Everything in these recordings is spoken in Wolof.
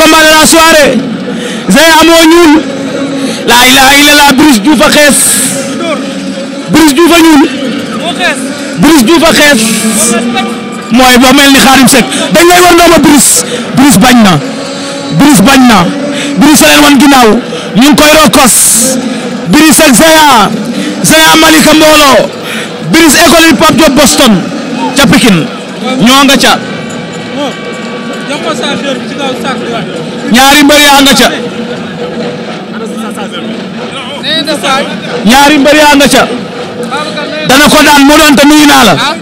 combat de la soirée laa ilaha illallah Briss Diouf a xees Briss Diouf a ñuul Briss Diouf a mooy ba mel ni Xaadim dañ lay war ndooma Briss Briss bañ na Briss bañ na Briss a leen wan ginnaaw ñu ngi koy rokos Briss ak Zeya Zeya Malika Mbooloo Briss école yi Pape Diop Boston ca Pikine ñoo nga ñaari mbër yaa nga ca. ñaari mbër yaa nga ca. dana ko daan moo doon te nuyu naa la. Ah.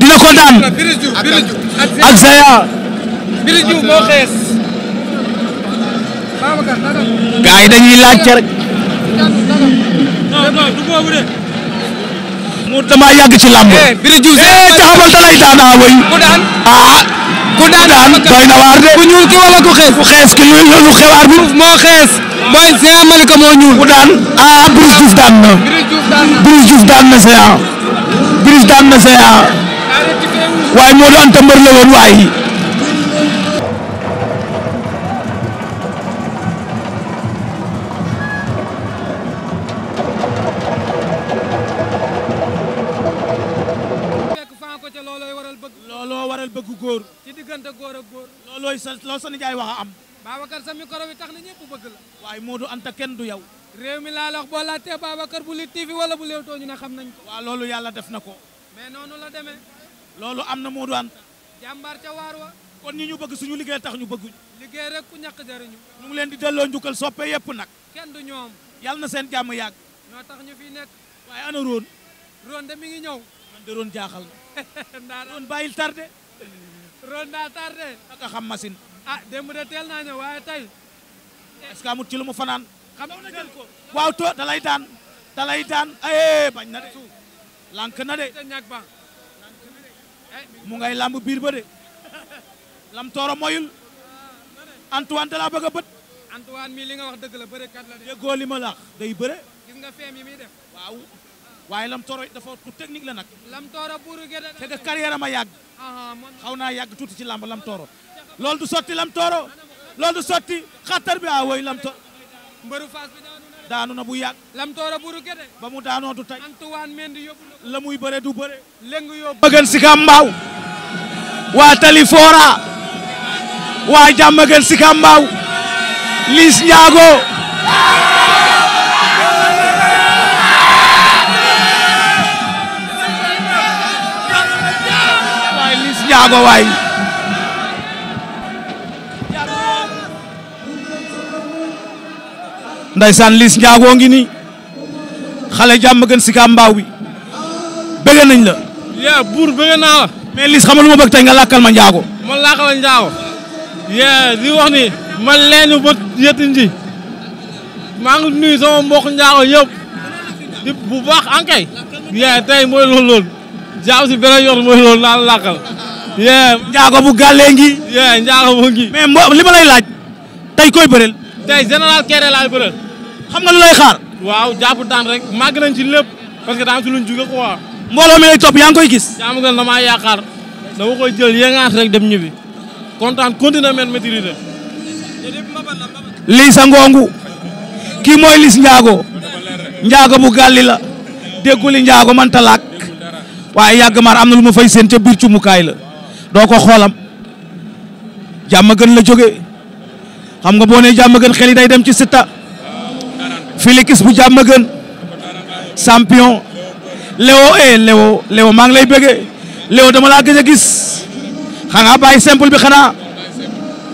dina ko daan. ak Zaya. gars dañuy laajte rek. mu dama yàgg ci làmb. taxawal da a wëy. bu daan daan doy na waar de ku ñuul ki wala ku xees ku xees ki lu lu xew aar bi moo xees mooy Géant Malika moo ñuul bu daan ah Brice Diouf daan na Brice Diouf daan na Géant Brice daan na Géant waaye moo doon tëmbër la woon waaye loo sa nijaay a am Babacar sa na ñëpp bëgg la waaye Modou Anta kenn du yow réew mi laa la wax boo laajtee xam nañ ko waaw loolu yàlla def na ko mais noonu la demee loolu am na Modou Anta jàmbaar ca waar wa kon ñi ñu bëgg suñu liggéey tax ñu bëgguñ liggéey rek ku ñàkk jariñu ñu ngi leen di delloo njukkal soppe yëpp nag kenn du ñoom yàlla na seen jàmm yàgg ñoo tax ñu fi nekk waaye ana Rone Rone de mi ngi ñëw man de Rone jaaxal na Rone bàyyil tardé Rone daa tardé aka xam masin ah démb tel teel naa ñëw waaye tey. Eh, est-ce que ci lu mu fanaan. xam nga waaw to da lay daan da daan ay eh, bañ na de. lànk na de eh, mu ngay lamb biir ba de lam tooro moyul ah, Antoine da laa bëgg a bët. Antoine mii li nga wax dëgg la bëre kat de. déggoo li ma la day bëre. gis nga feem yi muy def. waaw waaye lam tooro dafa ku technique la nag. lam tooro buuru gerte. te de carrière ma yàgg. Ah, ah, xaw naa yàgg tuuti ci làmb lam tooro. loolu du sotti lam tooro du sotti xattar bi a ah, woy lam daanu na bu yàgg lam tooro buru ba mu daanoo du tey Antoine Mendy du bëre léng yóbbu bëgën si kàmbaaw waa tali foora liis njaago waay liis njaago waay ndaysaan liis njaagoo ngi nii xale jàmm gën si kàmbaaw bi bëgg nañ la. yaa buur bëgg naa la. mais liis xam nga lu ma bëgg tey ma njaago. ma làkkal la njaago. yaa li wax man leen ba yëtin ji. maa ngi nuyu sama mbokk njaago yëpp. di bu baax ankay. Ah, yaa tey mooy loolu loolu. jaaw si beneen yoon mooy loolu naan làkkal. yaa njaago bu gàllee ngi. yaa njaago bu ngi. mais mbo li ma lay laaj. tey koy bëreel. tey général Kéré laay bëreel. xam nga lu lay xaar. waaw jàpp daan rek màgg nañ ci lépp parce que daa lu ci luñ jóge quoi. mbooloo mi lay topp yaa ngi koy gis. yaa ma gën damaa yaakaar dama koy jël yëngaat rek dem ñibbi kontaan continuer men maîtriser. lii sa ngongu kii mooy Liss Ndiago Ndiago bu gàlli la dégguli Ndiago man talaak waaye yàgg maar am na lu ma fay seen ca biir cumukaay la doo ko xoolam jàmm gën la jóge xam nga boo nee jàmm gën xel yi day dem ci sitta Félix bu jàmm gën champion Léo eh Léo Léo maa ngi lay bëggee Léo dama laa gëj a gis xanaa bàyyi bi xanaa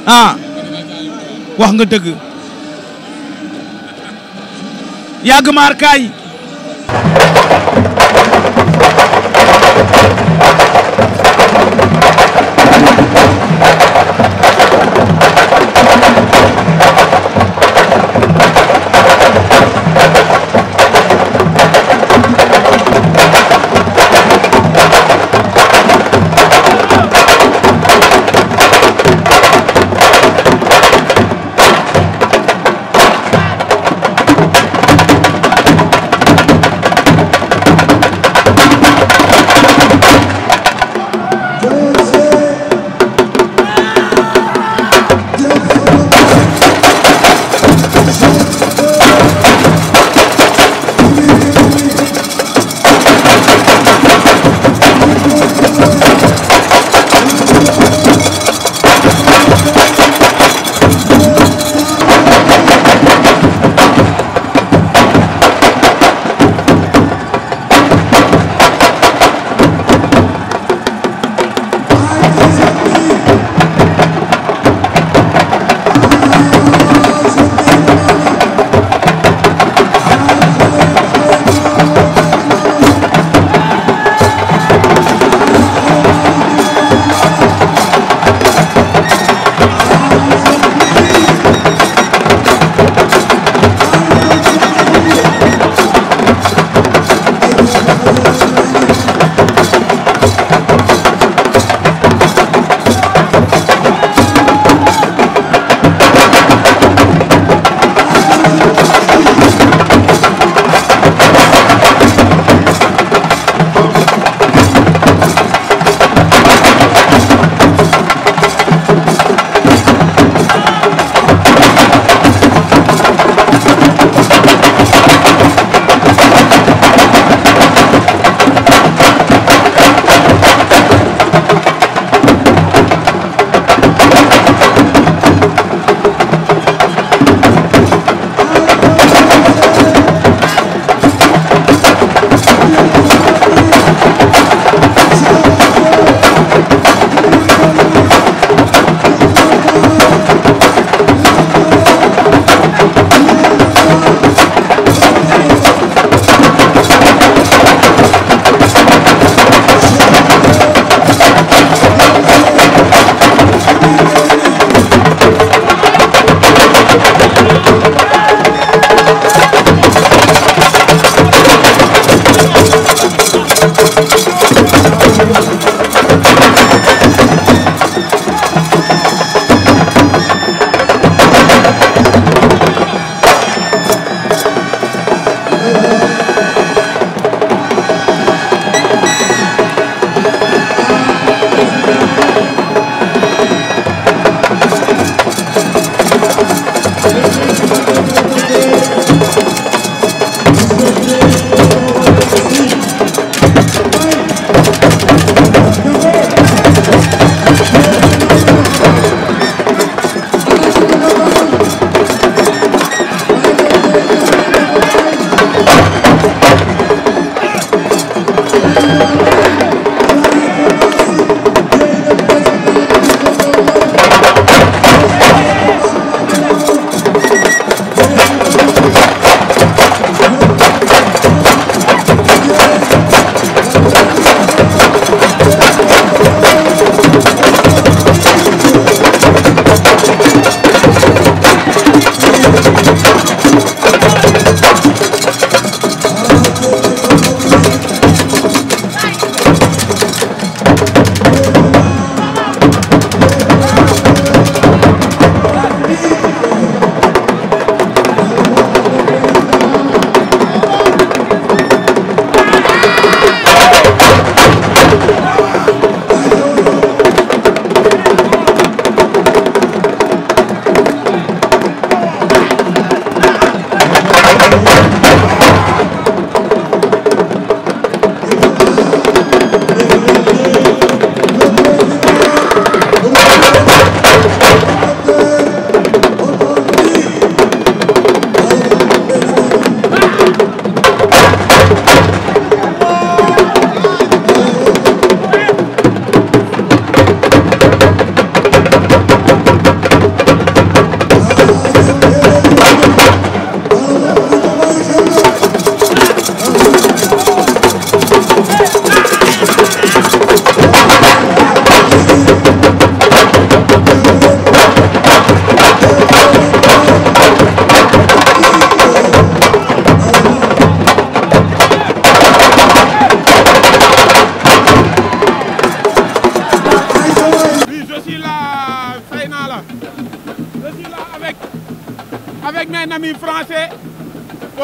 ah wax nga dëgg yàgg maar kaay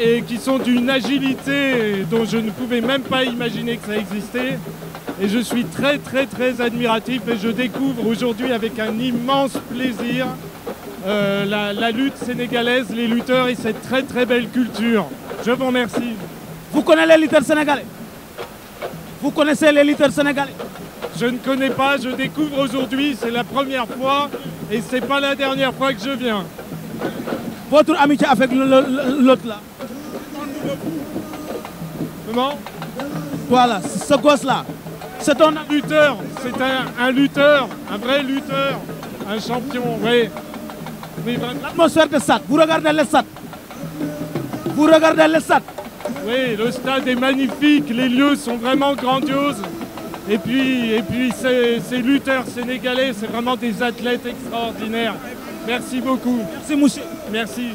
et qui sont d'une agilité dont je ne pouvais même pas imaginer que ça existait. Et je suis très très admiratif et je découvre aujourd'hui avec un immense plaisir euh, la, la, lutte sénégalaise, les lutteurs et cette très très belle culture. Je vous remercie. Vous connaissez les lutteurs sénégalais Je ne connais pas, je découvre aujourd'hui, c'est la première fois et c'est pas la dernière fois que je viens. Votre amitié avec l'autre là Voilà, ce gosse c'est un lutteur, c'est un, vrai lutteur, un champion, Oui, L'atmosphère de SAT, vous regardez les SAT. Oui, le stade est magnifique, les lieux sont vraiment grandioses. Et puis, ces, lutteurs sénégalais, c'est vraiment des athlètes extraordinaires. Merci beaucoup. Merci, monsieur.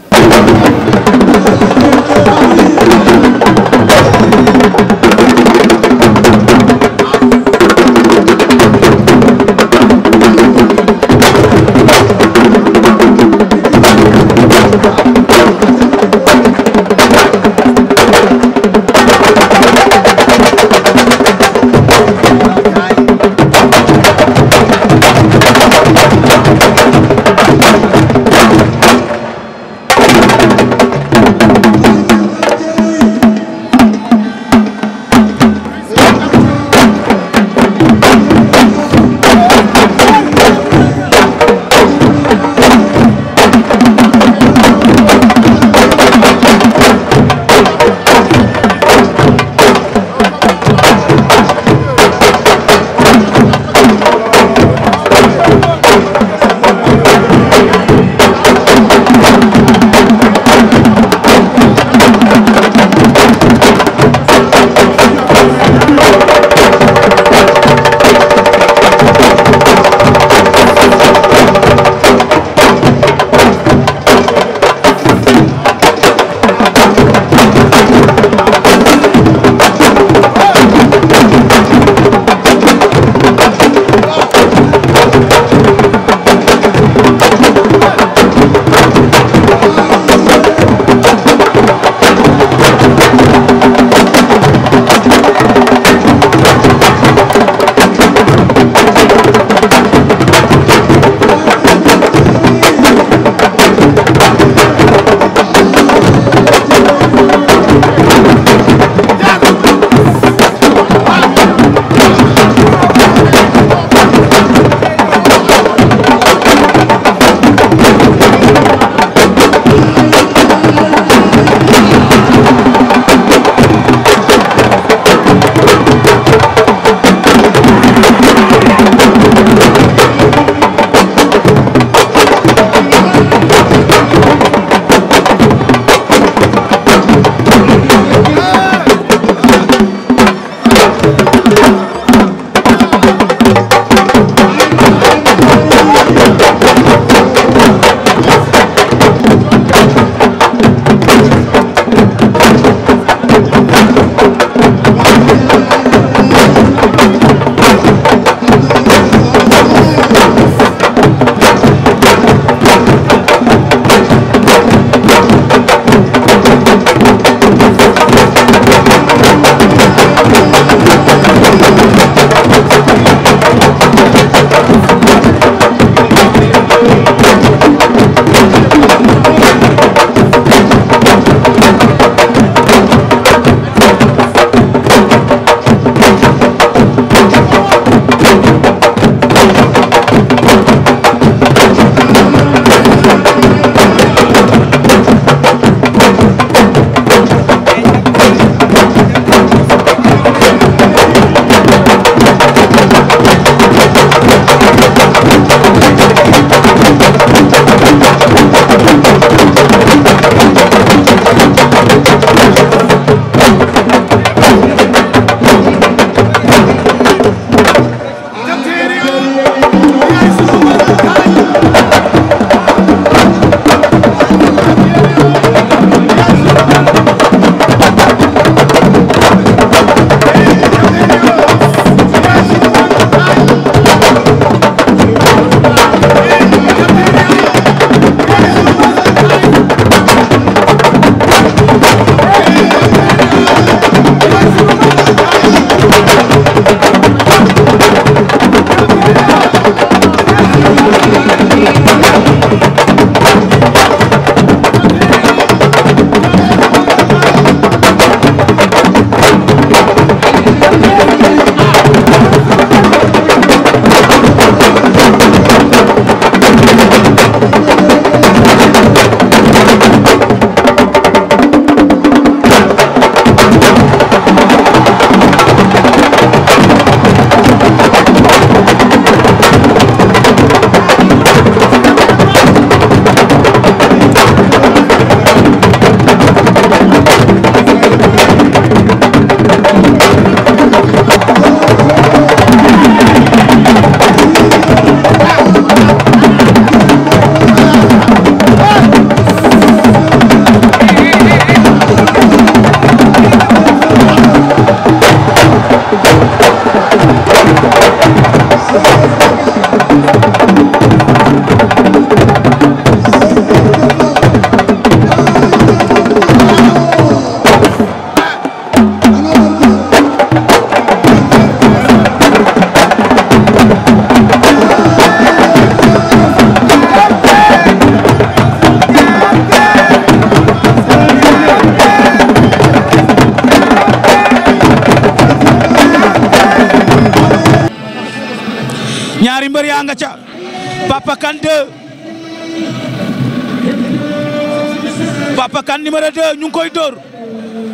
kan numéro 2 ñu koy dóor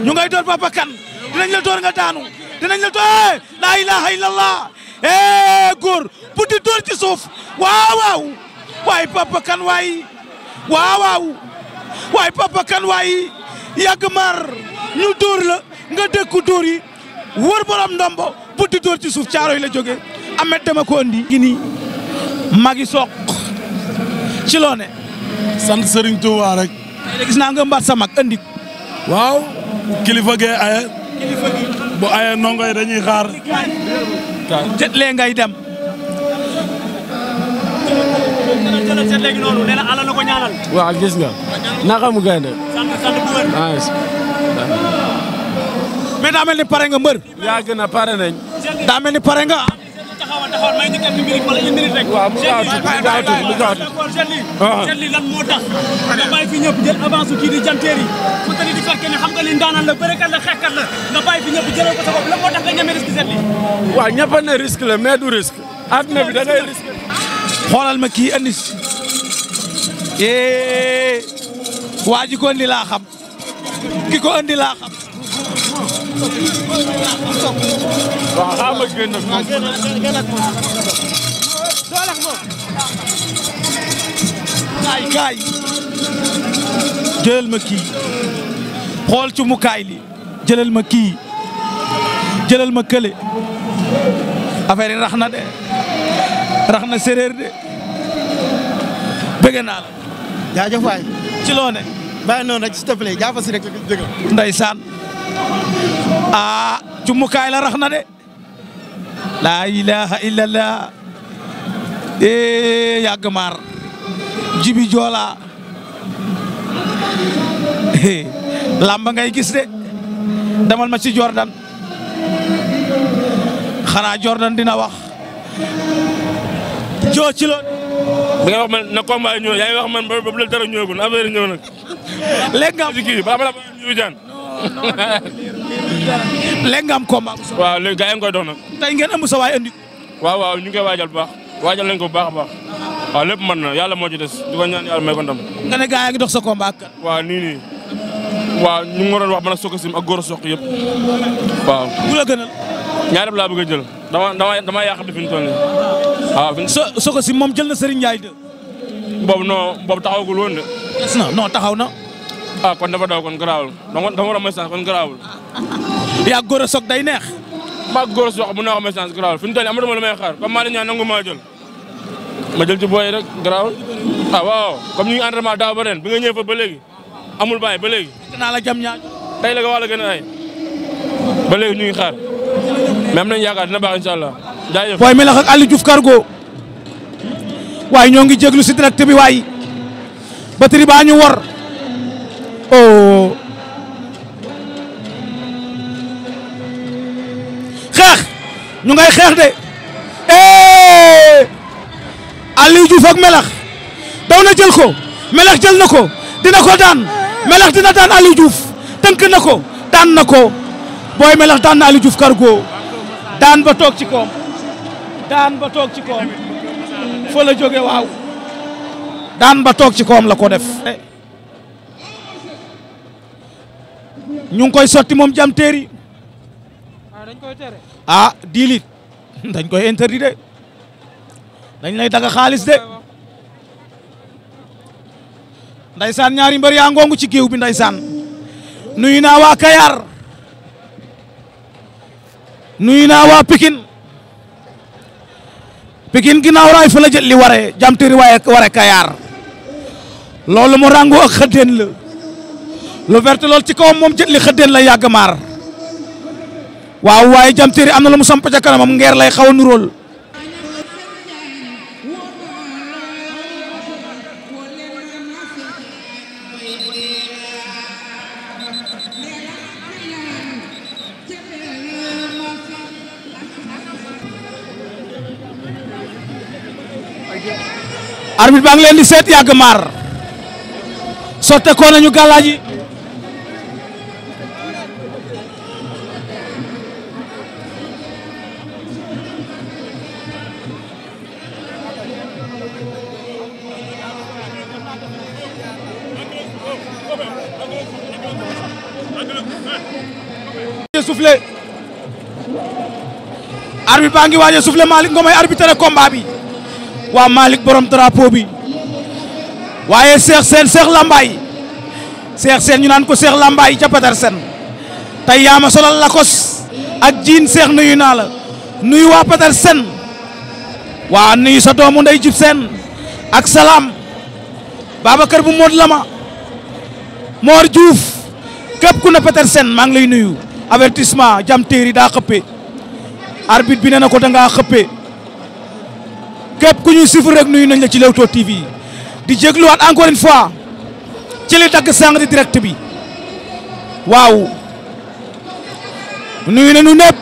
ñu ngay dóor papa kan la dóor nga daanu dinañ la dóor eh, laa ilaha illallah eh góor bu di dóor ci suuf waaw waaw waay papa kan waay waaw waaw ñu dóor nga dëkku dóor yi wër borom ndombo bu dóor ci suuf caaro yi la jógee amet dama ko andi gi ci loone sant Serigne Touba rek gis naa nga mbaat sa mag andi. waaw kilifa gee aye. bu aye ndongo yi dañuy xaar. jet lee dem. jërëjëf gis nga naka mu gaynde. mais daa mel ni pare nga mbër. yaa gën a pare nañ. daa ni pare nga. waaw mu gaaw ah. a tudd mu la bërekat mais du risque. àdduna bi da ngay xoolal ma kii andi si. Eh, waa ji ko xam ki ko andi xam. waaw xaaral ma génn ak kaay kaay. jëlal ma kii. xool ci mu kaay li jëlal ma kii. jëlal ma kële. affaire yi rax na de. rax na séeréer de. bëgg naa la. jaajëf waay. ci loo ne. bàyyi noonu rek s'il te plaît jàpp si rek dëgg. ndeysaan. aa ah, cumukaay la rax na de laa ilaaha illallah ee eh, yàgg maar jibi joola lamba ngay gis de demal ma ci Jordan xanaa Jordan dina wax joo ci loon bi nga wax man na combat ñëw yaa ngi wax man ba ba dara ñëwagul affaire ñëw nag léegi nga am ci kii ba ma la ñëw jaan léegi nga am combat. waaw léegi gars yi nga koy dox nag. tey ngeen am sa waay andi. waaw waaw ñu ngi koy waajal bu baax waajal nañu ko bu baax a baax. waaw lépp mën na yàlla moo ci des di ko ñaan yàlla may ko nga ne gars yi ngi dox sa combat ak. waaw nii nii waaw ñu ngi waroon wax man ak Sokka Sim ak Gora Sock yëpp waaw. bu la gënal. ñaar laa bëgg a jël dama dama dama yàqati fi moom jël na Serigne Ndiaye de. boobu non boobu taxawagul woon de. des taxaw na. ah kon dafa daw kon garaawul dama dama war a may chance kon garaawul. yaa góor a soog day neex. maa góor a soog mën naa ko may chance garaawul fi mu toll nii amatuma lu may xaar comme maa ngi ñaan nangu ma jël ci booy rek garaawul. ah waaw comme ba ren bi nga ñëw fa ba léegi amul bàyyi ba léegi. naa la jam ñaar. tey la nga wax la gën a ay ba léegi ñu ngi xaar mais am yaakaar dina baax incha allah jaajëf. booy ñoo ngi jéglu si wor oh xeex ñu ngay xeex de eh. Aliou Diouf Melax daw na jël ko Melax jël na ko dina ko daan Melax dina daan Aliou tënk na ko daan na ko booy Melax daan na Aliou Diouf cargo daan ba toog ci koom daan ba toog ci koom fa la jóge waaw daan ba toog ci koom la ko def ñu ngi koy sotti moom jam teeri ah, ah dix litres dañ koy interdit de dañ lay daga xaalis de ndaysaan ñaari mbër yaa ngongu ci géew bi nday saan nuyu naa waa Kayar nuyu naa waa Pikine Pikine ginnaaw raay fa la jël li waree jam teeri waaye ware kayaar loolu mu rango ak xëddeen la lu vert lool ci kawam moom jët li xëddeen la yàgg maar waaw waaye jam am na lu mu samp ca kanamam ngeer lay xaw a nuróol arbitre baa ngi leen di seet yàgg maar sotte ko nañu gàllaaji arbitre baa ngi waaj a soufflé Malick Ngom ay bi waa Malick borom drapeau bi waaye Cheikh Sène Cheikh Lambaye Cheikh Sène ñu naan ko Cheikh Lambaye ca Petersen tey yaa ma solal lakos ak jiin seex nuyu naa la nuyu waa sen waa nuyu sa doomu ndey jib seen ak salaam Babacar bu Mod Lama Mor Diouf képp ku ne Petersen maa ngi lay nuyu avertissement jam téeri daa xëppe arbitre bi nee na ko da ngaa xëppee képp ku ñuy suivre rek nuy nañ la ci Leewtoo TV di jégluwaat encore une fois ci li dagg sàng di direct bi waaw nuyu nañu ñëpp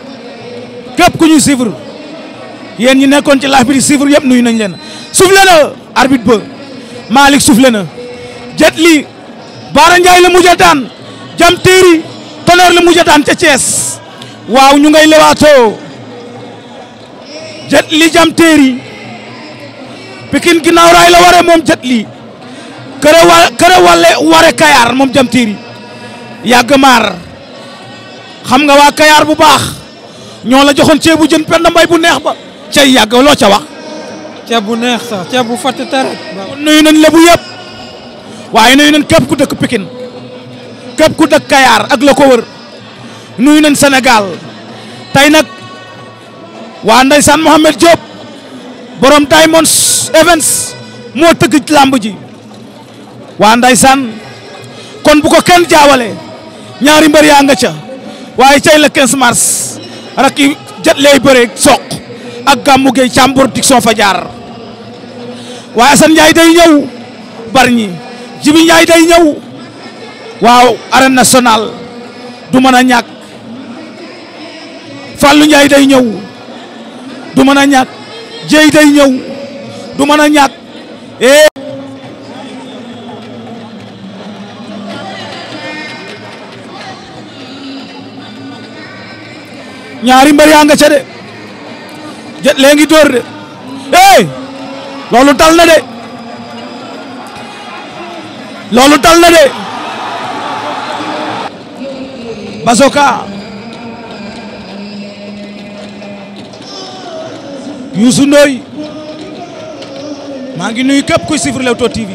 képp ku ñuy suivre yéen ñi nekkoon ci laaj bi di suivre yëpp nuyu nañ leen soufflé na arbitre ba Malick soufflé na jet li Baara Ndiaye la mujj a daan jam téeri tonnerre la mujj a daan ca waaw ñu ngay lewaatoo Jet Li jam teeri Pikine ginnaaw raay la ware moom Jet Li kër wa kër wale ware Kayar moom jam yàgg maar xam nga waa Kayar bu baax ñoo la joxoon ceebu jën Penda Mbay bu neex ba cay yàgg loo ca wax ceeb bu neex sax ceeb bu fatt tere nuyu nañ lebu yëpp waaye nuyu nañ képp ku dëkk Pikine képp ku dëkk Kayar ak la ko wër nuyu nañ Sénégal tey nag waa ndeysaan Mohamed Diop borom Diamonds Events moo tëgg làmb ji waa ndeysaan kon bu ko kenn jaawale ñaari mbër yaa nga ca waaye cay la 15 mars rak yi jat lay bëree soq ak gàmmu gey càmbur dik soo fa jaar waaye Assane Ndiaye day ñëw bari ñi Jibi Ndiaye day ñëw waaw arène nationale du mën a ñàkk Fallou Ndiaye day ñëw du mën a ñàkk jéy day ñëw du mën a ñàkk ñaari mbër yaa nga ca de jet léegi de eh loolu tal de loolu tal de basoka Youssou Ndoye maa ngi nuyu képp kuy suivre Leewtoo TV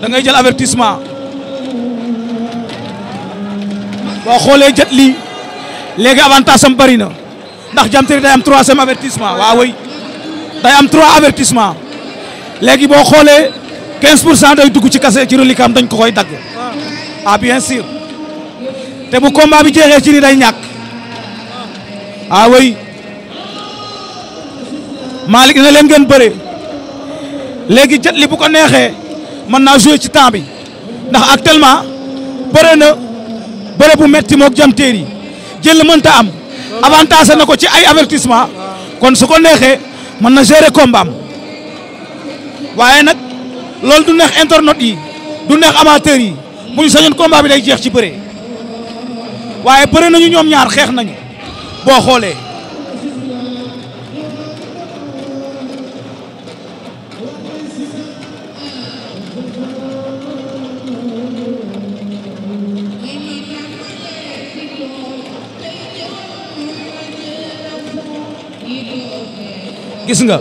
da ngay jël avertissement boo xoolee jët lii léegi avantage sam bëri na ndax Diam Terry day am troisième avertissement waaw way day am trois avertissement léegi boo xoolee 15 pour cent day dugg ci kase ci reliquam dañ ko koy dagg ah bien sûr te bu combat bi jeexee ci ni day ñàkk ah Malick dina leen gën bëre léegi jët li bu ko neexee mën naa jouer ci temps bi ndax actuellement bëre na bëre bu metti moog jam téer yi jël mënta am avantage na ko ci ay avertissement kon su ko neexee mën na gérer combat am waaye nag loolu du neex internautes yi du neex amateurs yi bu ñu sañoon combat bi day jeex ci bëre waaye bëre nañu ñoom ñaar xeex nañu boo xoolee gis nga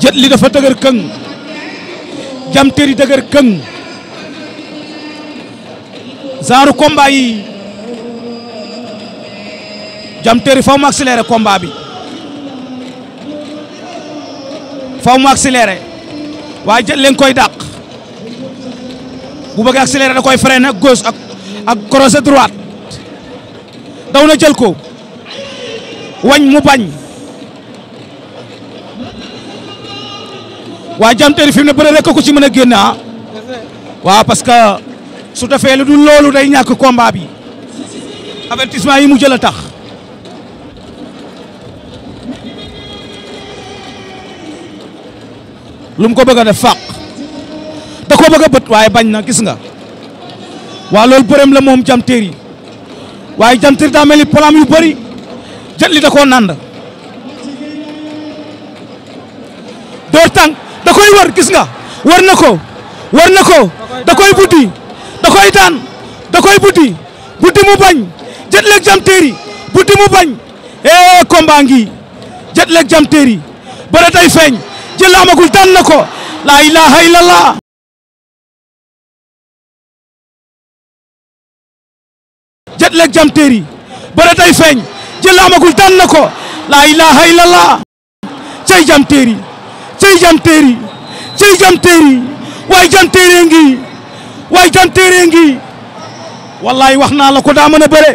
jët li dafa dëgër këng jamteeri dëgër këng zaaru combat yi jamteeri faw mu accéléré faw mu waa jël leen koy dàq bu bëggee accélérer da koy freiner ak gauche ak ak croisé droite daw na jël ko wañ mu bañ waaye Diam Terry fi mu ne bëre rek ko ci mën a génne ah waaw parce que su defee lu dul loolu day ñàkk combat bi avertissement yi mu jël a tax. lu ko bëgg a def fàq da ko bëgg bët waaye bañ na gis nga waa loolu bërëm la moom yi waaye jam teer daa mel ni palaam yu bëri jët li da nand door tànk da koy wër gis nga war na ko war na ko da koy buddi da daan da koy buddi buddi mu bañ jët leeg jam teer mu bañ ee eh, combat ngi jët leeg jam teer yi bëre day feeñ jël amagul daan na ko la ilaha illallah jet leg jam teeri bëre tay feeñ jël amagul daan na ko la ilaha illallah cey jam teeri cey jam teeri cey jam teeri waay jam teeri ngi waay jam teeri ngi wallahi wax naa la ko daa mën a